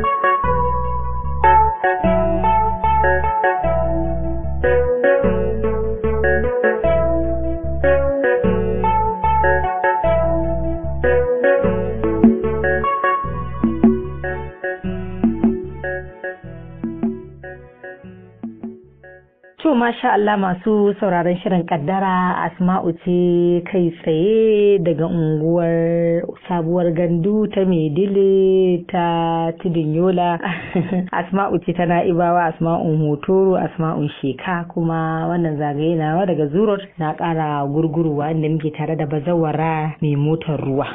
Thank you. insha Allah masu sauraron shirin kaddara asma'u ce kai tsaye daga unguwar sabuwar gandu ta maidile ta tudun yola asma'u ce ta na'ibawa asma'un hotoro asma'un sheka kuma wannan zagaye nawa daga zurot na kara gurguruwa inda muke tare da bazawara mai motar ruwa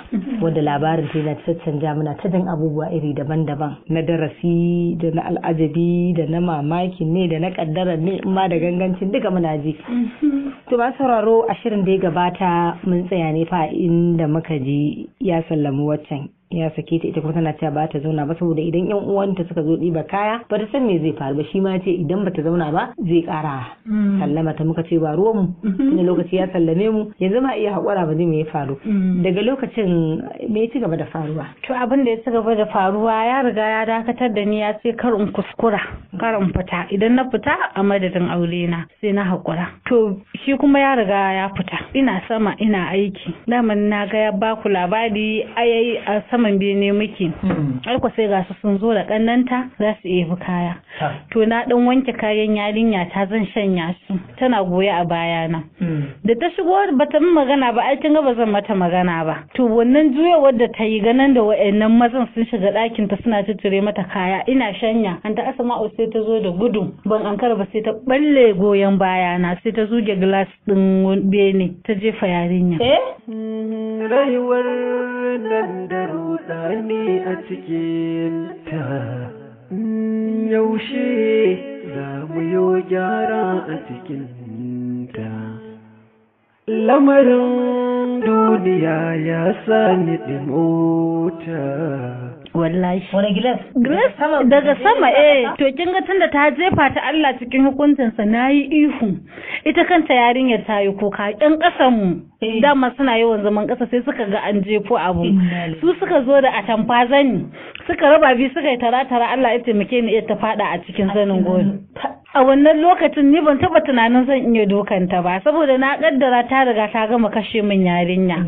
wanda labarin ta yana caccanja mana ta jin abubuwa iri daban-daban na darasi da na al'ajabi da na mamaki ne da na kaddara ne ma da ganganci lokacin duka muna ji mm-hmm. to ba sauraro ashirin da ya gabata mun tsaya ne fa inda muka ji ya sallamu waccan ya sake ta ita kuma tana cewa ba ta zauna ba saboda idan yan uwanta suka zo ɗiba kaya ba ta san me zai faru ba shi ma ce idan ba ta zauna ba zai ƙara mm. sallama ta muka ce ba ruwan mu mm-hmm. tunda lokaci ya sallame mu yanzu ma iya haƙura ba zai me faru mm. daga lokacin me ya ci gaba da faruwa. to abin da ya ci gaba da faruwa ya riga ya dakatar da ni ya ce kar in kuskura kar in fita idan na fita a madadin aure na sai na haƙura to shi kuma ya riga ya fita ina sama ina aiki daman na ga ya baku labari ayayi a saman bene muke hmm. alko sai ga su sun zo da kannanta za su ebi kaya to na dan wanke kayan yarinya ta zan shanya su tana goye a baya bayana hmm. da ta shigo ba ta magana ba ai ba zan mata magana ba to wannan juyawar da ta yi ganin da wayannan mazan sun shiga ɗakin ta suna tutture mata kaya ina shanya an ta asma'u sai ta zo da gudu ban ankara ba sai ta balle goyen bayana sai ta zuge glass ɗin bene ta jefa yarinya. Eh? Mm, rayuwar nan da ne a cikin ta mm, yaushe za mu yi gyara a cikin ta. Lamarin duniya ya sa ni mota. wallahi gilas gilas daga sama eh to kin ga tunda ta jefa ta Allah cikin hukuncin sa nayi ihu ita kanta yarinyar ta yi kuka yan ƙasan mu eh. dama suna yawan zaman ƙasa sai suka ga an jefo abu su suka zo da atamfa zani suka raba bi suka yi tara tara Allah ya taimake ni ta faɗa a cikin zanin goyo a wannan lokacin ni ban taba tunanin zan iya dukanta ba saboda na kaddara ta riga ta gama kashe min yarinya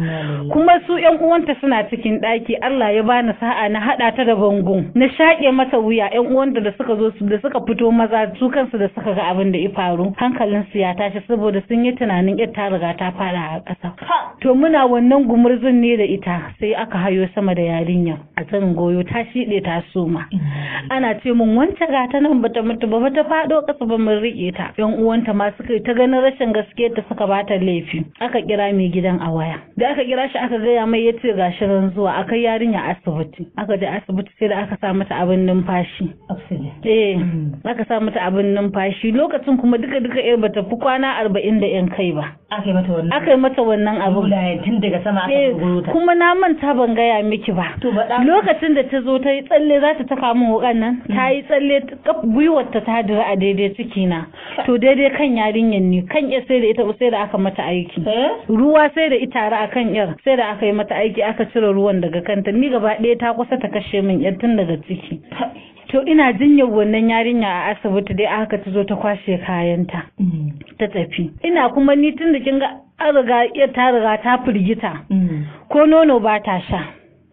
kuma su yan uwanta suna cikin daki Allah ya bani sa'a na hada ta da bangon na shake mata wuya yan uwanta da suka zo da suka fito maza su kansu da suka ga abin da ya faru hankalin su ya tashi saboda sun yi tunanin yar ta riga ta fara a ƙasa to muna wannan gumurzun ne da ita sai aka hayo sama da yarinya a sanin goyo ta shide ta soma ana ce mun wancan gata nan bata mutu ba ta faɗo kasa ba mun riƙe ta yan uwanta ma suka ta ganin rashin gaske ta suka bata laifi aka kira mai gidan a waya da aka kira shi aka gaya mai yace gashi ran zuwa aka yarinya asibiti aka je asibiti sai da aka sa mata abin numfashi eh hmm. aka sa mata abin numfashi lokacin kuma duka duka yar bata fi kwana arba'in da yan kai ba aka yi mata wannan abin tun daga sama aka eh, kuma na manta ban gaya miki ba lokacin da ta zo ta yi tsalle za ta taka min wukan nan ta yi tsalle gwiwar ta ta dira a daidai daidai ciki na to daidai kan yarinyar ne kan yar sai da ita sai da aka mata aiki eh? ruwa sai da itara akan yar sai da aka yi mata aiki aka cire ruwan daga kanta ni gaba ɗaya ta kusa ta kashe min yar tun daga ciki to ina jinyar wannan yarinya a asibiti dai aka ta zo ta kwashe kayanta mm. ta tafi ina kuma ni tun da kin ga an riga ta riga ta firgita mm. ko nono ba ta sha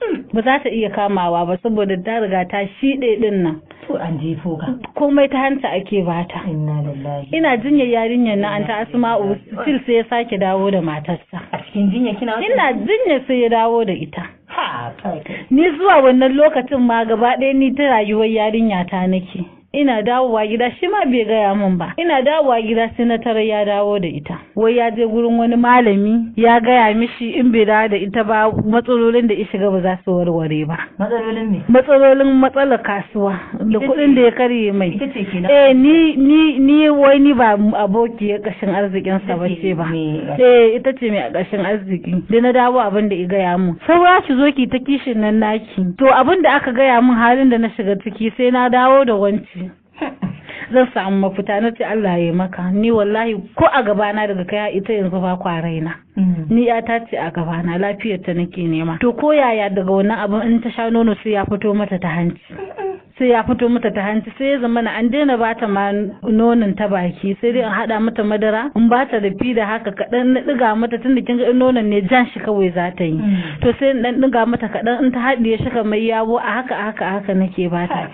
mm. ba za ta iya kamawa ba saboda ta riga ta shiɗe ɗin nan to an jefo ga. komai ta hanta ake bata inna lillahi ina jinya yarinyar na an asma'u still sai ya sake dawo da matarsa a cikin jinya kina ina jinya sai ya dawo da ita ni zuwa wannan lokacin ma gaba ɗaya ni ta rayuwar yarinya ta nake ina dawowa gida shi ma bai gaya min ba ina dawowa gida sai na tara ya dawo da ita wai ya je gurin wani malami ya gaya mishi in bai dawo da ita ba matsalolin da ya shiga ba za su warware ba matsalolin me matsalolin matsalar kasuwa da kuɗin da ya karye mai eh ni ni ni wai ni ba aboki ya kashin arzikin sa ba ce ba eh ita ce mai kashin arziki da na dawo abin da ya gaya min saura ki zo ki ta kishin nan naki to abin da aka gaya min halin da na shiga ciki sai na dawo da wanci zan samu mafita na ce Allah ya maka ni wallahi ko a gabana daga kaya ita yanzu ba kwaraina mm. ni ya ta ce a gabana lafiyar ta nake nema to ko yaya daga wannan abin in ta sha nono sai ya fito mata ta hanci sai ya fito mata ta hanci sai ya zama an daina ba ta ma nonon ta baki sai dai an haɗa mata madara in ba ta rufi da haka kaɗan na ɗiga mata tunda kin ga nonon ne jan shi kawai za ta yi mm. to sai in ɗan ɗiga mata kaɗan in ta ya shiga mai yawo a haka a haka a haka nake ta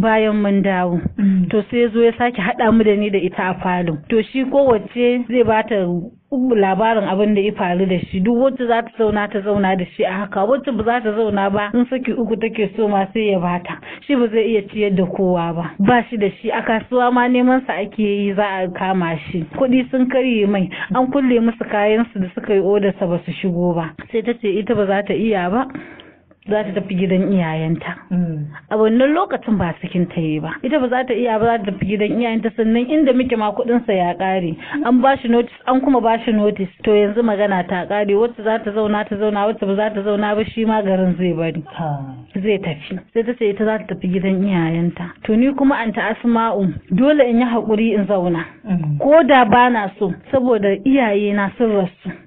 bayan mun dawo mm. to sai ya zo ya sake haɗa mu da ni da ita a falo to shi kowace zai ba ta. labarin abin da ya faru da shi duk wacce za ta zauna ta zauna da shi a haka wacce ba za ta zauna ba in saki uku take so ma sai ya bata shi ba zai iya ciyar da kowa ba ba shi da shi a kasuwa ma neman sa ake yi za a kama shi kuɗi sun karye mai an kulle musu kayan su da suka yi odarsa sa ba su shigo ba sai ta ce ita ba za ta iya ba za ta tafi gidan iyayenta. Mm. A wannan lokacin ba cikin ta yi ba. Ita ba za ta iya ba za ta tafi gidan iyayenta sannan inda muke ma kuɗin sa ya ƙare. An ba shi notice an kuma ba shi notice to yanzu magana ta ƙare wacce za ta zauna ta zauna wacce ba za ta zauna ba shi ma garin zai bari. Zai tafi. Sai ta ce ita za ta tafi gidan iyayenta. To ni kuma an ta asma'u dole in yi hakuri in zauna. Mm. Ko da ba na so saboda iyayena sun rasu.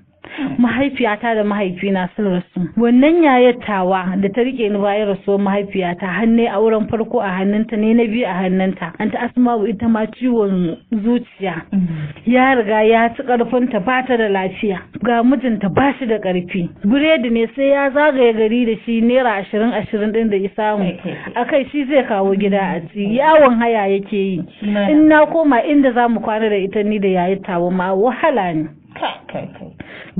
mahaifiyata da mahaifina sun rasu wannan yayatawa da ta rike ni bayan rasuwar mahaifiyata hannu auren farko a hannunta ne na biyu a hannunta an ta asma'u ita ma ciwon zuciya mm-hmm. ya riga ya ci karfinta ba ta da lafiya ga mijinta ba shi da karfi biredi ne sai ya zagaye gari da shi naira ashirin ashirin din da ya samu akai shi zai kawo gida a ci yawon haya yake yi in na koma inda za mu kwana da ita ni da yayatawa, ma wahala ne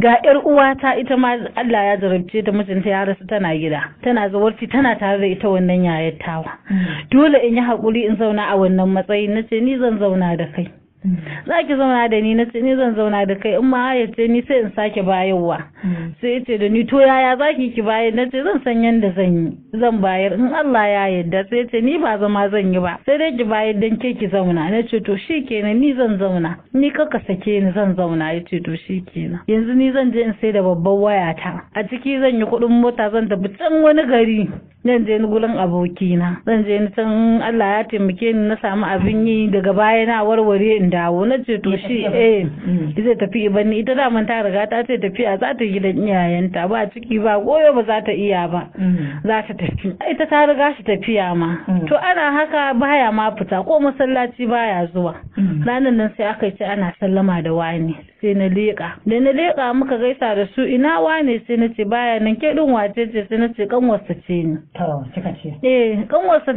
ga yar uwata ita ma Allah ya jarabce ta mijinta ya rasu tana gida tana zawarci tana tare da ita wannan yayar tawa mm. dole in yi hakuri in zauna a wannan matsayi nace ni zan zauna da kai za ki zauna da ni na ce ni zan zauna da kai in ma ya ce ni sai in sake bayarwa mm. sai ya ce da ni to yaya za ki ki bayar na ce zan san yadda zan yi zan bayar in Allah ya yarda sai ce ni ba zama zan yi ba sai dai ki bayar dan ke ki zauna na ce to shi kenan ni zan zauna ni kaka sake ni zan zauna ya ce to shi kenan yanzu ni zan je in sai da babban wayata a ciki zan yi kuɗin mota zan tafi can wani gari zan je ni gulan abokina zan je ni can Allah ya taimake ni na samu abin yi daga baya na warware in Da dawo na ce to shi eh mm. zai tafi ni ita daman ta riga ta ce tafiya zata yi gidan iyayenta ba ciki ba goyo ba za ta iya ba mm. za ta tafi ita ta riga shi tafiya ma mm. to ana haka baya ma fita ko masallaci baya zuwa ranar nan sai aka yi ce ana sallama da wani sai na leƙa da na leƙa muka gaisa da su ina wane sai na ce baya nan ke din wace ce sai na ce wasa ce ni to kika ce eh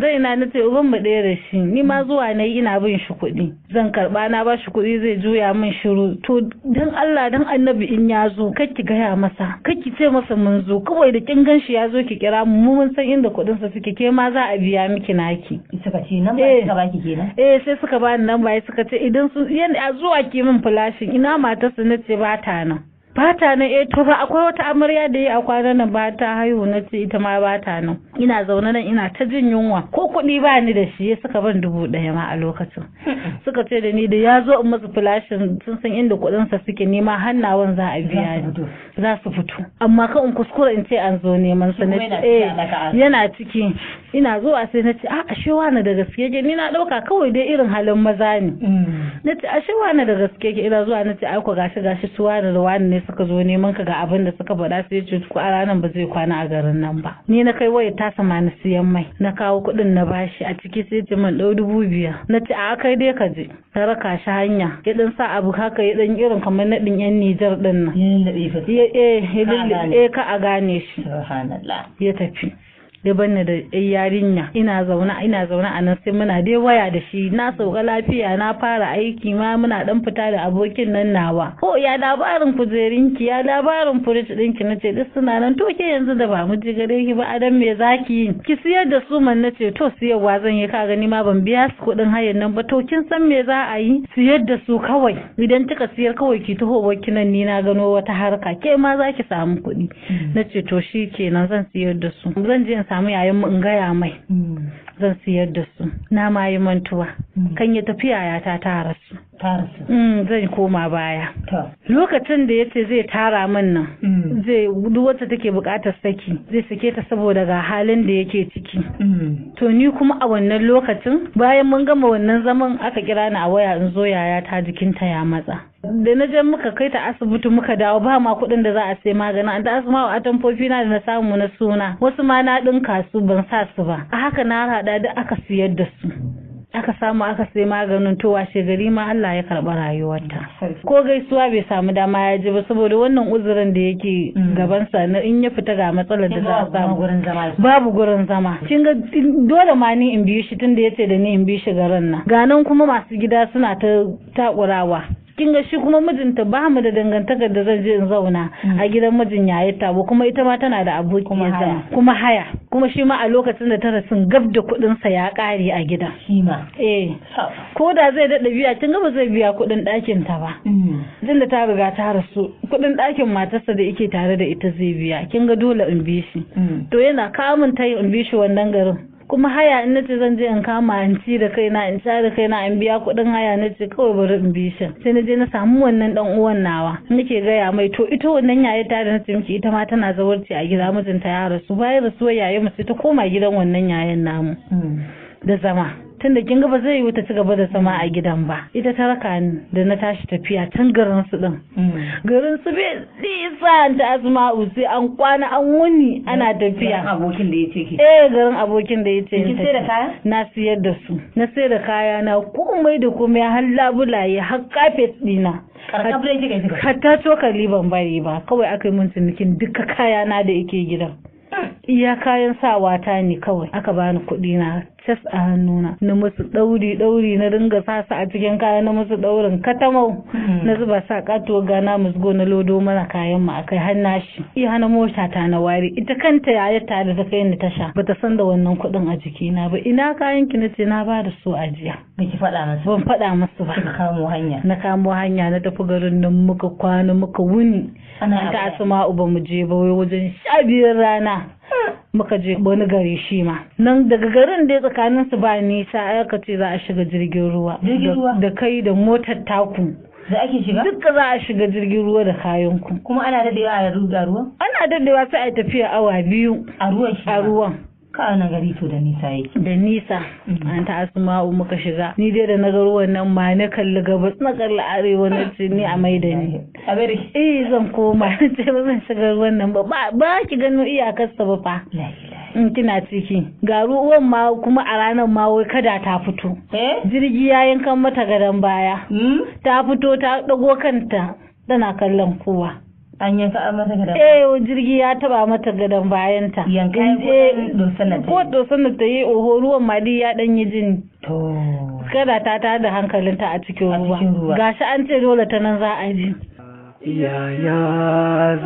dai na ce uban mu ɗaya da shi ni ma zuwa na yi ina bin shi kuɗi zan karɓa na ba shi kuɗi zai juya min shiru to dan Allah dan annabi in ya zo ki gaya masa ki ce masa mun zo kawai da kin gan shi ya zo ki kira mu mun san inda kuɗin sa suke ke ma za a biya miki naki suka ce nan ba eh. suka baki kenan eh sai suka bani nan ba suka ce idan su yana zuwa ki min flashin ina ma matarsa na ce ba nan ba ta nan eh to fa akwai wata amarya da yi a kwanan nan ba ta haihu na ce ita ma ba nan ina zaune nan ina ta jin yunwa ko kuɗi ba ni da shi suka ban dubu ɗaya ma a lokacin suka ce da ni da ya zo in masu filashin sun san inda sa suke nema hannawan za a biya ni za su fito amma kan in kuskura in ce an zo neman sa na eh yana ciki eh, ina zuwa sai na ce a ah, ashe na da gaske ke ni na ɗauka kawai dai irin halin maza ne mm. na ce ashe na da gaske ke ina zuwa na ce ai ku gashi gashi su da wani ne suka zo neman ka ga abin da suka faɗa sai ya ce ku a ranar ba zai kwana a garin nan ba ni na kai waya ta sama na siyan mai na kawo kuɗin na bashi a ciki sai ce man ɗau dubu biyar na ce a kai dai ka je ta raka shi hanya ya ɗan sa abu haka ya ɗan irin kamar naɗin yan Nijar ɗin nan ya eh, eh, ka a gane shi ya tafi ya banni da yarinya ina zaune ina zaune a nan sai muna dai waya da shi na sauka lafiya na fara aiki ma muna dan fita da abokin nan nawa ko ya labarin kujerinki ya labarin fridge ɗinki nace duk suna nan to ke yanzu da ba mu ji gare ki ba adam me zaki yi ki siyar da su man nace to siyarwa zan yi ka gani ma ban biya su kuɗin hayan nan ba to kin san me za a yi siyar da su kawai idan kika siyar kawai ki taho wa nan ni na gano wata harka ke ma za ki samu kuɗi hmm. nace to shi kenan zan siyar da su zan je in samu yayan mu in gaya mai hmm. zan siyar da su na ma yi mantuwa hmm. kan ya tafi yayata ta rasu hmm, zai koma baya lokacin da ya ce zai tara min nan zai duk take bukatar saki zai sake ta saboda ga halin da yake ciki to ni kuma a wannan lokacin bayan mun gama wannan zaman aka kira ni a waya in zo yaya yayata jikinta ya matsa da na je muka kai ta asibiti muka dawo ba ma kuɗin da za a sai maganin da asuma wa atamfofi na da na samu na suna wasu ma na ɗinka kasu, ban sa su ba a haka na haɗa da aka siyar da su aka samu aka sai maganin to washe gari ma Allah ya karɓi rayuwarta ko gaisuwa bai samu dama ya ji ba saboda wannan uzurin da yake mm. gabansa na in ya fita ga matsalar da za a samu babu gurin zama kin ga dole ma ni in biyu shi tunda yace da ni in biyo shi garin nan ganan kuma masu gida suna ta takurawa kin ga shi kuma mijinta ba mu da dangantaka da zan je in zauna mm. a gidan mijin yayi tabo kuma ita ma tana da abokin kuma haya kuma haya kuma shi ma a lokacin da ta rasin gab da kuɗin sa ya ƙare a gida shi ma eh ko da zai daɗa biya kin ga ba zai biya kuɗin ɗakin ta ba din mm. da ta riga ta rasu kuɗin ɗakin matarsa da yake tare da ita zai biya kin ga dole in bi shi mm. to yana kamun ta in bi shi wannan garin kuma haya in nace zan je in kama in ci da kaina in sha da kaina in biya kuɗin haya nace kawai bari in bi shi sai na je na samu wannan dan uwan nawa nake gaya mai to ita wannan yaya ta da nace miki ita ma tana zawarci a gida mijinta ya rasu bayan rasuwar yaya mu sai ta koma gidan wannan yayan namu hmm. da zama tunda kin ga ba zai yi ta ci da sama a gidan ba ita ta raka ni da na tashi tafiya tun garin su din mm. garin su bai nisa ta asma'u sai an kwana an wuni ana tafiya garin abokin da yace ki eh garin abokin da yace ki sai da kaya na siyar da su na sai da kaya na komai da komai har labulaye har kafet dina hatta cokali ban bari ba kawai aka yi mun cinikin duka kayana da yake gidan iya kayan sawa ne kawai aka bani kuɗi na cas a hannuna na musu ɗauri ɗauri na ringa sasa a cikin kaya na musu ɗaurin katamau hmm. na zuba sa katuwa gana musgo na lodo mana kayan ma akai har nashi iya hana mota ta na ware ita kanta yaya ta da ta kai ni tasha bata san da wannan kuɗin a jikina ba ina kayan ki nace na ba da su a jiya miki faɗa musu ban faɗa musu ba na kamo hanya na kamo hanya na tafi garin nan muka kwana muka wuni ana ta asma'u uba mu je ba wai wajen sha biyar rana muka je wani gari shi ma nan daga garin dai tsakanin su ba nisa aka ce za a shiga jirgin ruwa da kai da motar taku da ake shiga duka za a shiga jirgin ruwa da kayan ku kuma ana dadewa a ruwa ana dadewa sai a tafiya awa biyu a ruwan a ruwan ka na gari to da nisa yake da nisa mm. an ta asma'u muka shiga ni dai da nagar wannan ma na kalli gabas na kalli arewa na ce ni a mai da ni a bari eh zan koma ce ba zan shiga wannan ba ba ki gano iyakarsa ba fa in kina ciki ga ruwan ma kuma a ranar ma wai kada ta fito eh? jirgi ya yankan mata gadon baya hmm? ta fito ta dago kanta tana kallon kowa an yanka mata gadon eh jirgi ya taba mata gadon bayan ta yanka ko dosan ta yi oho ruwan madi ya dan yi jini to kada ta ta da hankalinta a cikin ruwa gashi an ce dole ta nan za a ji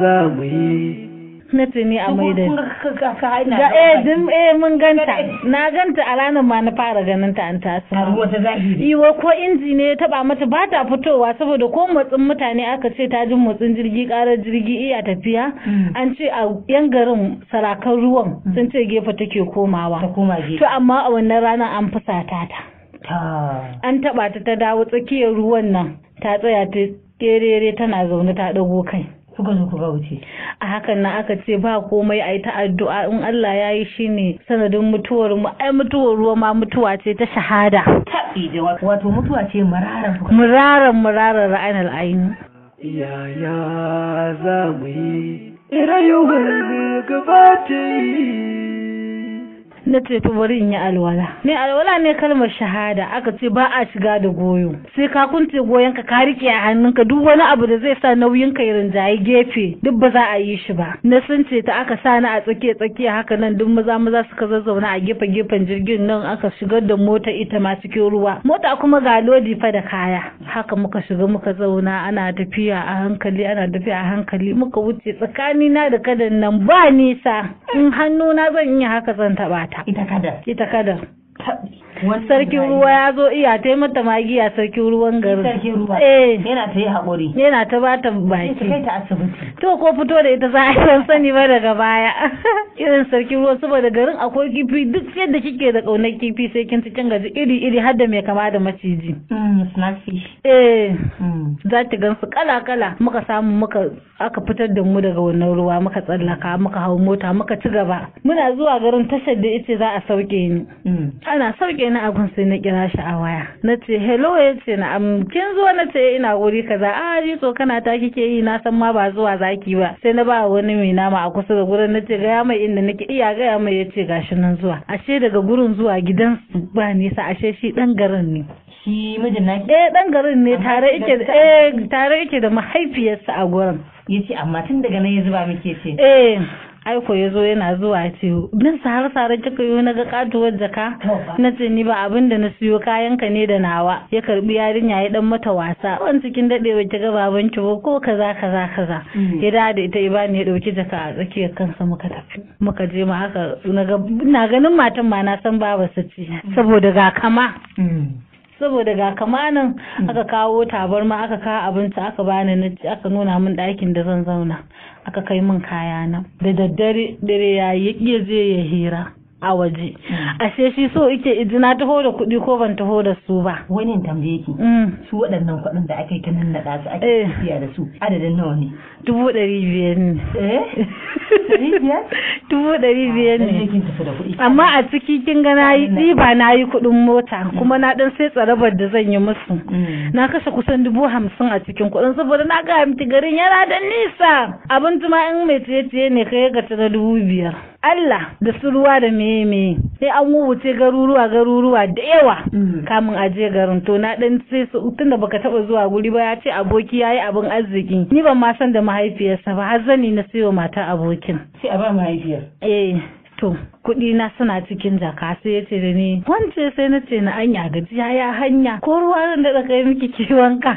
za mu yi gwamnati ne a mai da ga eh din eh mun ganta na ganta a ranar ma na fara ganin ta an taso iwo ko inji ne taba mata ba ta fitowa saboda ko motsin mutane aka ce ta jin motsin jirgi karar jirgi iya tafiya hmm. an ce a yan garin sarakan ruwan hmm. sun ce gefe take komawa to amma a wannan ranar an fusata ta an taba ta ta dawo tsakiyar ruwan nan ta tsaya ta kerere tana zaune ta dago kai gani ku ga wuce a hakan na aka ce ba komai a yi ta addu'a in Allah ya yi shi ne sanadin mutuwar mu ai mutuwar ruwa ma mutuwa ce ta shahada wato mutuwa ce mararan Mararar mararar ra'ayin ainu yaya za mu yi rayuwar gaba ta yi na ce to bari in yi alwala Ni alwala ne kalmar shahada aka ce ba a shiga da goyo sai ka kunce goyon ka ka rike a hannunka duk wani abu da zai sa nauyin ka rinjaye gefe duk ba za a yi shi ba na sun ce ta aka sa ni a tsakiya tsakiya haka nan duk maza maza suka zazzauna a gefe gefen jirgin nan aka shigar da mota ita ma cikin ruwa mota kuma ga lodi fa da kaya haka muka shiga muka zauna ana tafiya a hankali ana tafiya a hankali muka wuce tsakanina da kadan nan ba nisa in hannuna zan iya haka zan taɓa Kita kadar. Kita kadar. sarkin ruwa ya zo iya ta mata magiya sarkin ruwan garin sarkin ruwa eh. yana ta yi haƙuri yana ta ba ta baki kai ta asibiti to ko fito da ita za a san sani ba daga baya irin sarkin ruwa saboda garin akwai kifi duk yadda kike da ƙaunar kifi sai kin ci kin gaji iri iri har da mai kama da maciji mm, snapfish eh mm. za ki gan su kala kala muka samu muka aka fitar da mu daga wannan ruwa muka tsallaka muka hau mota muka ci gaba muna zuwa garin tashar da ita za a sauke ni mm. ana sauke ni abun sai na kira shi a waya na ce hello ya ce na kin zo na ce ina wuri kaza a ah, ji so kana ta kike yi na san ma ba zuwa zaki ba sai na ba wani mai nama a kusa da gurin na ce gaya mai inda nake iya gaya mai ya ce gashi nan zuwa ashe daga gurin zuwa gidan su ba nisa ashe shi dan garin ne shi mijin naki eh dan garin ne tare yake eh tare yake da mahaifiyarsa a gurin yace amma tun daga nan ya zuba muke ce eh aiko ya zo yana zuwa tiyo nan sare sare kika yi na ga katuwar jaka na ce ni ba abin da na siyo kayan ka ne da nawa ya karbi yarinya ya dan mata wasa Wani cikin dadewa ki ga baban ki ko kaza kaza kaza mm. ya da da ita ne ya dauki jaka a tsakiyar kansa muka tafi muka je ma haka na ganin matan ma na san baba ci mm. saboda ga kama mm. saboda ga kama nan aka kawo tabarma aka kawo abinci aka bani na aka nuna min ɗakin da zan zauna aka kai min kaya na da daddare dare ya yi zai ya hira a waje mm. ashe shi so ike iji na taho da kuɗi ko ban taho da su ba wani in tambaye ki mm. su waɗannan kuɗin da aka yi ta nan da su ake eh. tafiya da su adadin nawa ne dubu ɗari biyar ne eh? dubu ɗari ah, biyar ne amma a ciki kin ga na yi ɗiba na yi kuɗin mota mm. kuma na ɗan sai tsarabar da zan yi musu mm. na kashe kusan dubu hamsin a cikin kuɗin saboda na ga hamti garin yana da nisa abin tuma in mai ciye-ciye ne kai ga na dubu biyar Allah da su ruwa da meye sai an wuce garuruwa garuruwa da yawa mm. kamun ajiye garin to na dan sai su tunda baka taba zuwa guri ba ya ce aboki yayi abin arziki ni ban ma san da mahaifiyarsa ba har zani na sayo mata abokin sai a ba mahaifiyar eh to kuɗi na suna cikin jaka sai ya ce da ni wance sai na ce na anya gajiya ya hanya ko ruwa da kai miki kiwon ka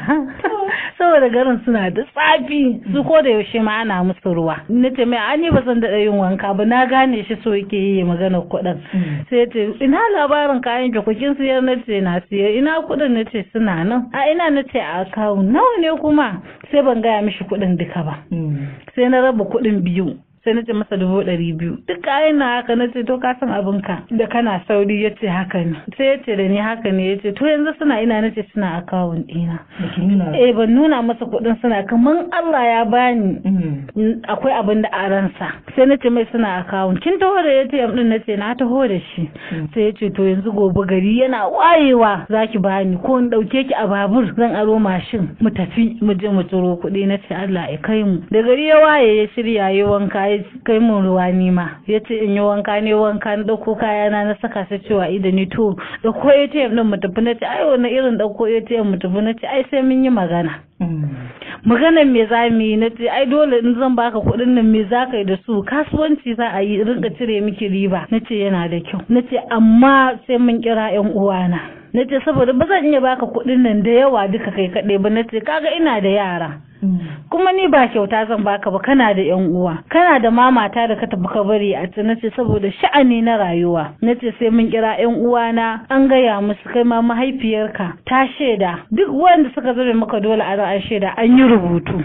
saboda garin suna da tsafi su mm. ko da yaushe ma ana musu ruwa na ce mai an ba zan daɗa yin wanka ba na gane shi so yake yi maganar kuɗin mm. sai ce ina labarin kayan ki kukin siyar na ce na siyar ina kuɗin na ce suna nan a ina na ce a kawo nawa ne kuma sai ban gaya mishi kuɗin duka ba mm. sai na raba kuɗin biyu sai na ce masa dubu ɗari biyu duk kayan na haka na ce to ka san abin ka da kana sauri ya ce haka ne sai ya ce da ni haka ne ya ce to yanzu suna ina na ce suna akawun ɗina eh ban nuna masa kuɗin suna kaman Allah ya bani mm-hmm. akwai abin da a ransa sai na ce mai suna akawun kin taho da ya ce ɗin na ce na taho da shi mm. sai ya ce to yanzu gobe gari yana wayewa Za ki bani ko in ɗauke ki a babur zan aro mashin mu tafi mu je mu turo kuɗi na ce Allah ya kai mu da gari ya waye ya shirya ya wanka ya kai mun ruwa nima ya ce in yi wanka ne wanka na ɗauko kaya na saka su cewa idan ni to ɗauko atm ɗin mu tafi na ce ai wani irin ɗauko atm mu tafi na ce ai sai mun yi magana mm. maganar me za mu yi na ce ai dole in zan baka kuɗin nan me za ka yi da su kasuwanci za a yi rinka cire miki riba na ce yana da kyau na ce amma sai mun kira yan uwana na ce saboda ba zan iya baka kuɗin nan da yawa duka kai kaɗai ba na ce kaga ina da yara kuma ni ba kyauta zan baka ba kana da yan uwa kana da mamata da ka tafi ka bari a ce nace saboda sha'ani na rayuwa nace sai mun kira yan uwa na an gaya musu kai ma mahaifiyarka ta shaida duk wanda suka zame maka dole a a shaida an yi rubutu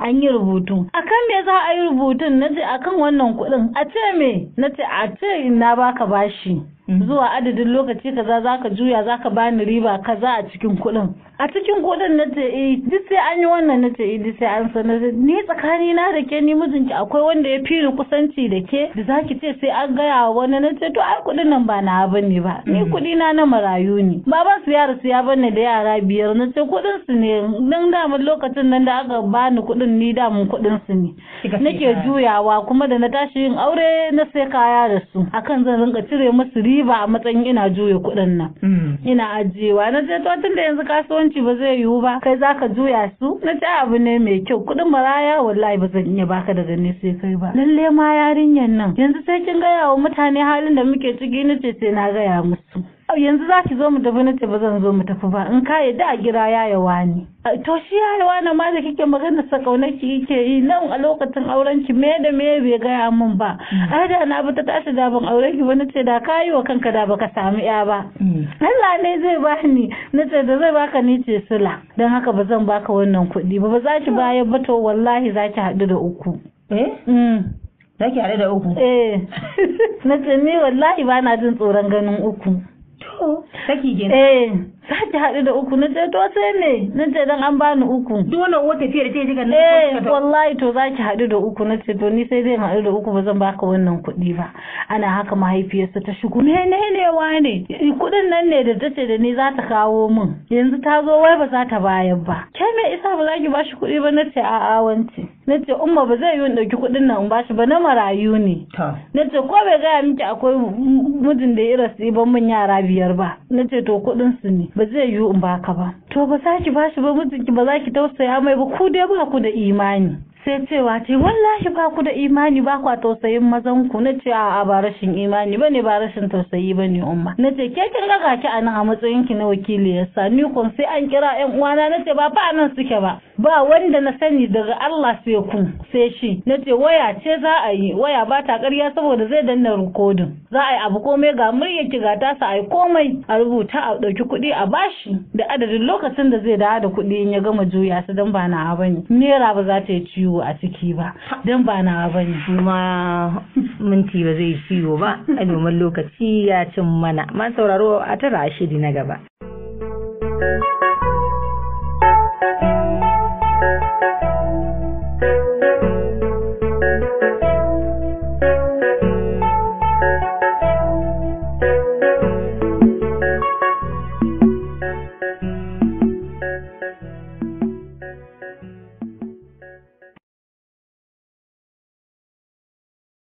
an yi rubutu akan me za a yi rubutun nace akan wannan kuɗin a ce me nace a ce na baka bashi zuwa adadin lokaci kaza zaka juya zaka bani riba kaza a cikin kuɗin a cikin kudin na ce eh sai an yi wannan na ce eh sai an sanar ni tsakani na da ke ni mijinki akwai wanda ya fi kusanci da ke da zaki ce sai an gaya wa wani na ce to ai kudin nan ba na ne ba ni mm. kudi na na marayu ne baban su yara su ya bani da yara biyar na ce kudin su ne dan daman lokacin nan da aka bani kudin ni damun kudin su ne nake juyawa kuma da na tashi yin aure na sai kaya da su akan zan rinka cire musu riba a matsayin ina juya kudin nan mm. ina ajiyewa na ce to tun da yanzu kasuwanci kasuwanci ba zai yiwu ba kai za ka juya su na ci abu ne mai kyau kuɗin maraya wallahi ba zan iya baka daga ne sai kai ba lalle ma yarinyar nan yanzu sai kin gaya wa mutane halin da muke ciki na ce sai na gaya musu yanzu za ki zo mu tafi na ce ba zan zo mu tafi ba in ka yadda a gira ya yi ne to shi ya yi na ma da kike magana sa kauna ki ke yi nan a lokacin auren ki me da me bai gaya min ba mm. ai da na bata tashi da ban aure ki ba ce da ka yi wa kanka da baka samu ya ba mm. Allah ne zai bani ce da zai baka ni ce sula Don haka ba zan baka wannan kuɗi ba ba za ki baya ba to wallahi za ki haɗu da uku eh mm. za ki haɗu da uku eh ce ni wallahi ba na jin tsoron ganin uku uku saki gina eh sake haɗu da uku na ce to sai me na ce dan an bani uku duk uwa tafiya da eh wallahi to za ki haɗu da uku na ce to ni sai zai haɗu da uku ba zan baka wannan kuɗi ba ana haka mahaifiyarsa ta shigo menene wane kuɗin nan ne da tace da ni za ta kawo min yanzu ta zo wai ba za ta bayar ba ke me isa ba za ki ba shi kuɗi ba na ce a'a wance na ce umma ba zai yi ɗauki kuɗin nan ba shi ba na marayu ne na ce ko bai gaya miki akwai mijin da ya rasu ban mun yara biyar ba na ce to kuɗin su ne ba zai yi in baka ba to ba za ki ba shi ba mijinki ba za ki tausaya mai ba ku dai ba ku da imani sai cewa ce wallahi ba ku da imani ba kwa tausayin mazan ku na ce a'a ba rashin imani bane ba rashin tausayi bane umma na ce ke kin ga ki a nan a matsayin ki na wakiliyar sa ni kun sai an kira ƴan uwana na ce ba fa nan suke ba ba wanda na sani daga Allah sai ku sai shi na ce waya ce za a yi waya ba ta ƙarya saboda zai danna rikodin za a yi abu komai ga muryar ki ga ta sa a yi komai a rubuta a ɗauki kuɗi a bashi da adadin lokacin da zai dawo da kuɗi in ya gama juya su dan ba na ne. naira ba za ta yi ciwo ciwo a ciki ba don ba na ba ne kuma minti ba zai ciwo ba domin lokaci ya cin mana ma sauraro a tara shiri na gaba.